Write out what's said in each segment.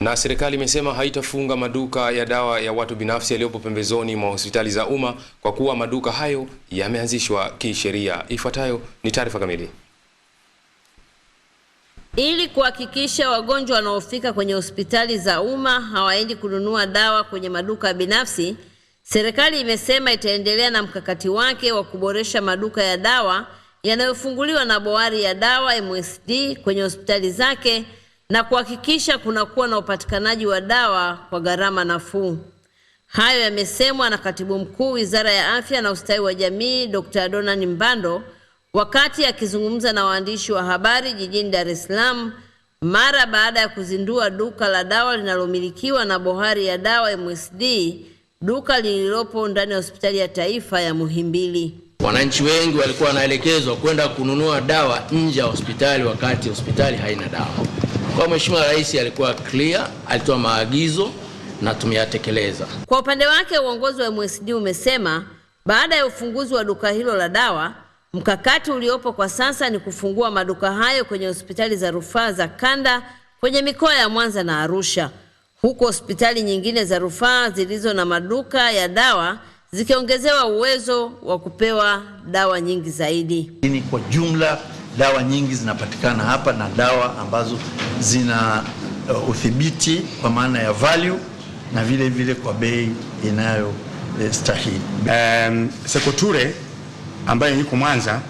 Na serikali imesema haitafunga maduka ya dawa ya watu binafsi yaliyopo pembezoni mwa hospitali za umma kwa kuwa maduka hayo yameanzishwa kisheria. Ifuatayo ni taarifa kamili. Ili kuhakikisha wagonjwa wanaofika kwenye hospitali za umma hawaendi kununua dawa kwenye maduka binafsi, serikali imesema itaendelea na mkakati wake wa kuboresha maduka ya dawa yanayofunguliwa na Bohari ya Dawa MSD kwenye hospitali zake na kuhakikisha kunakuwa na upatikanaji wa dawa kwa gharama nafuu. Hayo yamesemwa na Katibu Mkuu Wizara ya Afya na Ustawi wa Jamii, Dr. Donan Mbando wakati akizungumza na waandishi wa habari jijini Dar es Salaam mara baada ya kuzindua duka la dawa linalomilikiwa na Bohari ya Dawa MSD, duka lililopo ndani ya Hospitali ya Taifa ya Muhimbili. Wananchi wengi walikuwa wanaelekezwa kwenda kununua dawa nje ya hospitali wakati hospitali haina dawa. Kwa Mheshimiwa Rais alikuwa clear, alitoa maagizo na tumeyatekeleza. Kwa upande wake, uongozi wa MSD umesema baada ya ufunguzi wa duka hilo la dawa, mkakati uliopo kwa sasa ni kufungua maduka hayo kwenye hospitali za rufaa za kanda kwenye mikoa ya Mwanza na Arusha, huku hospitali nyingine za rufaa zilizo na maduka ya dawa zikiongezewa uwezo wa kupewa dawa nyingi zaidi. Ni kwa jumla dawa nyingi zinapatikana hapa na dawa ambazo zina uh, udhibiti kwa maana ya value na vile vile kwa bei inayostahili. Eh, um, Sekoture ambayo yuko Mwanza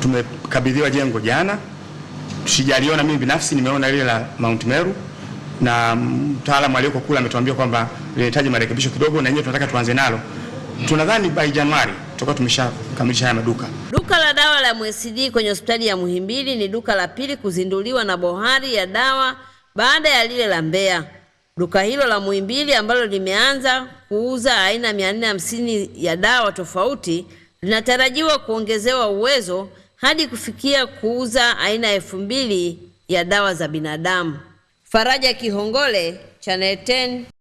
tumekabidhiwa jengo jana, sijaliona mimi binafsi, nimeona lile la Mount Meru na mtaalamu aliyoko kule ametuambia kwamba linahitaji marekebisho kidogo, na yeye tunataka tuanze nalo tunadhani by Januari tutakuwa tumeshakamilisha haya maduka. Duka la dawa la MSD kwenye hospitali ya Muhimbili ni duka la pili kuzinduliwa na bohari ya dawa baada ya lile la Mbeya. Duka hilo la Muhimbili ambalo limeanza kuuza aina 450 ya dawa tofauti linatarajiwa kuongezewa uwezo hadi kufikia kuuza aina elfu mbili ya dawa za binadamu. Faraja Kihongole, Channel 10.